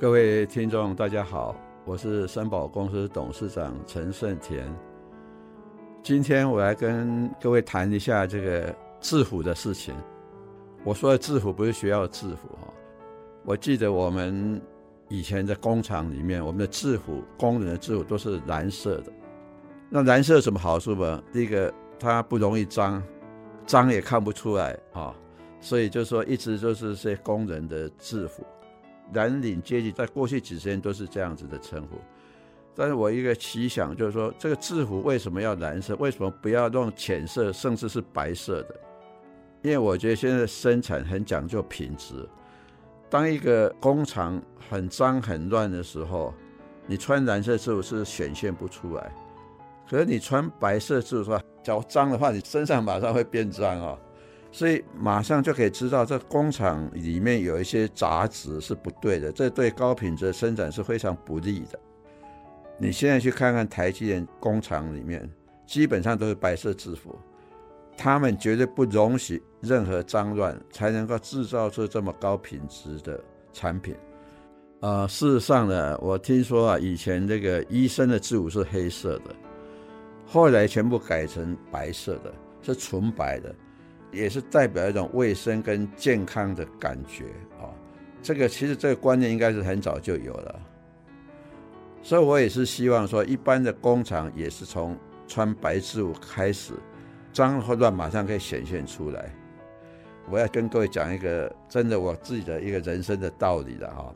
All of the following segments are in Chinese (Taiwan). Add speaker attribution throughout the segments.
Speaker 1: 各位聽眾，大家好，我是森寶公司董事長陳勝沺。今天我來跟各位談一下這個制服的事情。我說的制服不是學校制服啊。我記得我們以前的工廠裡面，我們的制服工人的制服都是藍色的。那藍色有什麼好處嗎？第一個，它不容易髒，髒也看不出來啊。所以就是說，一直就是些工人的制服。藍領階級在過去幾十年都是這樣子的稱呼，但是我一個奇想就是說，這個制服為什麼要藍色？為什麼不要用淺色甚至是白色的？因為我覺得現在生產很講究品質。當一個工廠很髒很亂的時候，你穿藍色制服是顯現不出來。可是你穿白色制服，腳髒的話，你身上馬上會變髒啊、哦。所以馬上就可以知道，這工廠裡面有一些雜質是不對的，這對高品質的生產是非常不利的。你現在去看看台積電工廠裡面，基本上都是白色制服，他們絕對不容許任何髒亂，才能夠製造出這麼高品質的產品。啊、呃，事實上呢，我聽說啊，以前這個醫生的制服是黑色的，後來全部改成白色的，是純白的。也是代表一種衛生跟健康的感覺啊，這個其實這個觀念應該是很早就有了，所以我也是希望說，一般的工廠也是從穿白制服開始，髒和亂馬上可以顯現出來。我要跟各位講一個真的我自己的一個人生的道理的哈，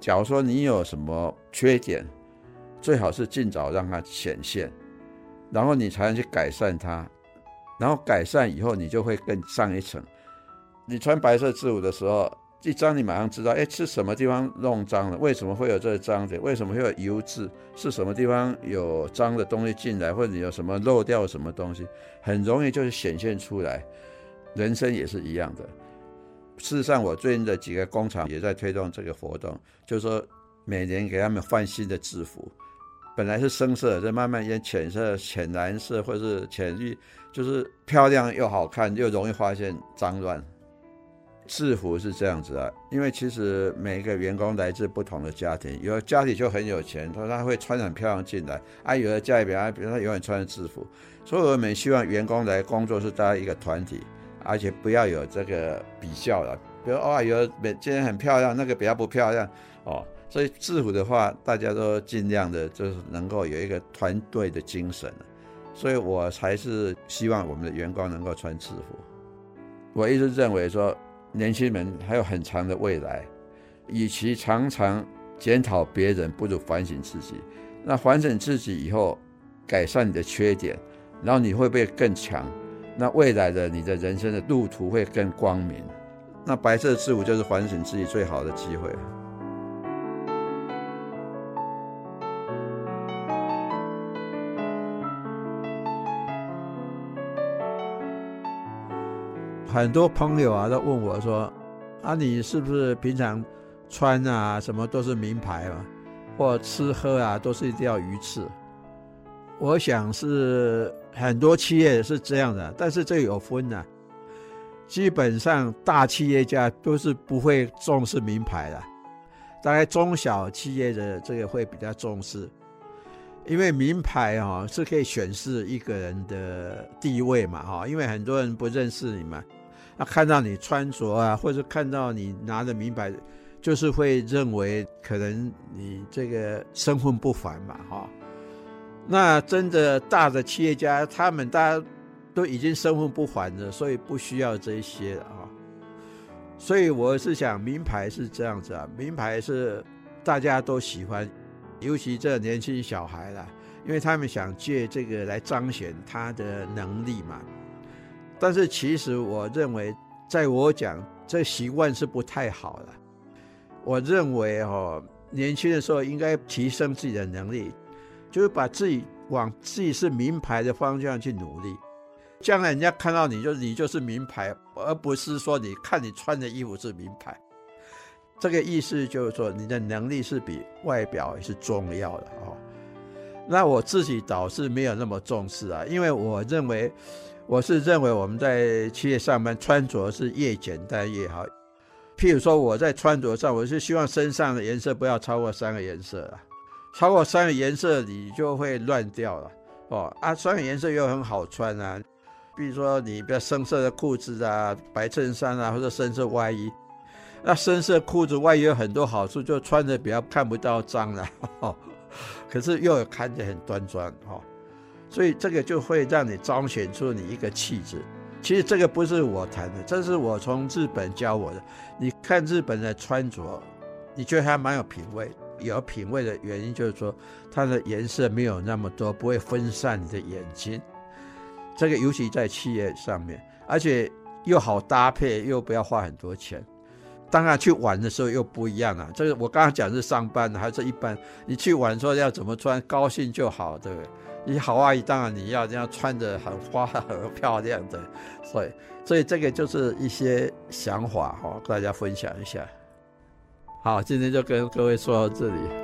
Speaker 1: 假如說你有什麼缺點，最好是儘早讓它顯現，然後你才能去改善它。然後改善以後，你就會更上一層。你穿白色制服的時候，一張你馬上知道，哎，是什麼地方弄髒了？為什麼會有這個髒點？為什麼會有油漬？是什麼地方有髒的東西進來，或者你有什麼漏掉什麼東西？很容易就是顯現出來。人生也是一樣的。事實上，我最近的幾個工廠也在推動這個活動，就是說每年給他們換新的制服。本來是深色，再慢慢變淺色、淺藍色或是淺綠，就是漂亮又好看又容易發現髒亂。制服是這樣子啊，因為其實每一個員工來自不同的家庭，有的家裡就很有錢，他說他會穿很漂亮進來；啊，有的家裡邊，較，比如他永遠穿制服。所以我們希望員工來工作是大家一個團體，而且不要有這個比較的，比如哦，有的今天很漂亮，那個比較不漂亮，哦。所以制服的話，大家都盡量的，就是能夠有一個團隊的精神。所以我才是希望我們的員工能夠穿制服。我一直認為說，年輕人還有很長的未來，與其常常檢討別人，不如反省自己。那反省自己以後，改善你的缺點，然後你會不會更強？那未來的你的人生的路途會更光明。那白色的制服就是反省自己最好的機會。很多朋友啊，都問我說：“啊，你是不是平常穿啊什麼都是名牌啊，或吃喝啊都是一定要魚翅？”我想是很多企業是這樣的，但是這有分吶、啊，基本上大企業家都是不會重視名牌的，大概中小企業的這個會比較重視，因為名牌哈是可以顯示一個人的地位嘛哈，因為很多人不認識你嘛。那看到你穿着啊，或者看到你拿着名牌，就是會認為可能你這個身份不凡嘛，哈。那真的大的企業家，他們大家都已經身份不凡了，所以不需要這些了啊。所以我是想，名牌是這樣子啊，名牌是大家都喜歡，尤其這年輕小孩了，因為他們想借這個來彰顯他的能力嘛。但是其實我認為，在我講這習慣是不太好的。我認為哦，年輕的時候應該提升自己的能力，就是把自己往自己是名牌的方向去努力。將來人家看到你就你就是名牌，而不是說你看你穿的衣服是名牌。這個意思就是說，你的能力是比外表也是重要的哦。那我自己倒是沒有那麼重視啊，因為我認為，我是認為我們在企業上班穿着是越簡單越好。譬如說我在穿着上，我是希望身上的顏色不要超過三個顏色啊，超過三個顏色你就會亂掉了哦啊，三個顏色又很好穿啊。比如說你比較深色的褲子啊，白襯衫啊，或者深色外衣。那深色褲子外有很多好處，就穿着比較看不到髒了，呵呵，可是又看着很端莊哈、喔，所以這個就會讓你彰顯出你一個氣質。其實這個不是我談的，這是我從日本教我的。你看日本的穿着，你覺得還蠻有品味。有品味的原因就是說，它的顏色沒有那麼多，不會分散你的眼睛。這個尤其在企業上面，而且又好搭配，又不要花很多錢。當然，去玩的時候又不一樣啊。這個我剛剛講是上班還是一般，你去玩的時候要怎麼穿，高興就好，對不對？你好阿姨，當然你要這樣穿得很花、很漂亮的。所以，所以這個就是一些想法跟大家分享一下。好，今天就跟各位說到這裡。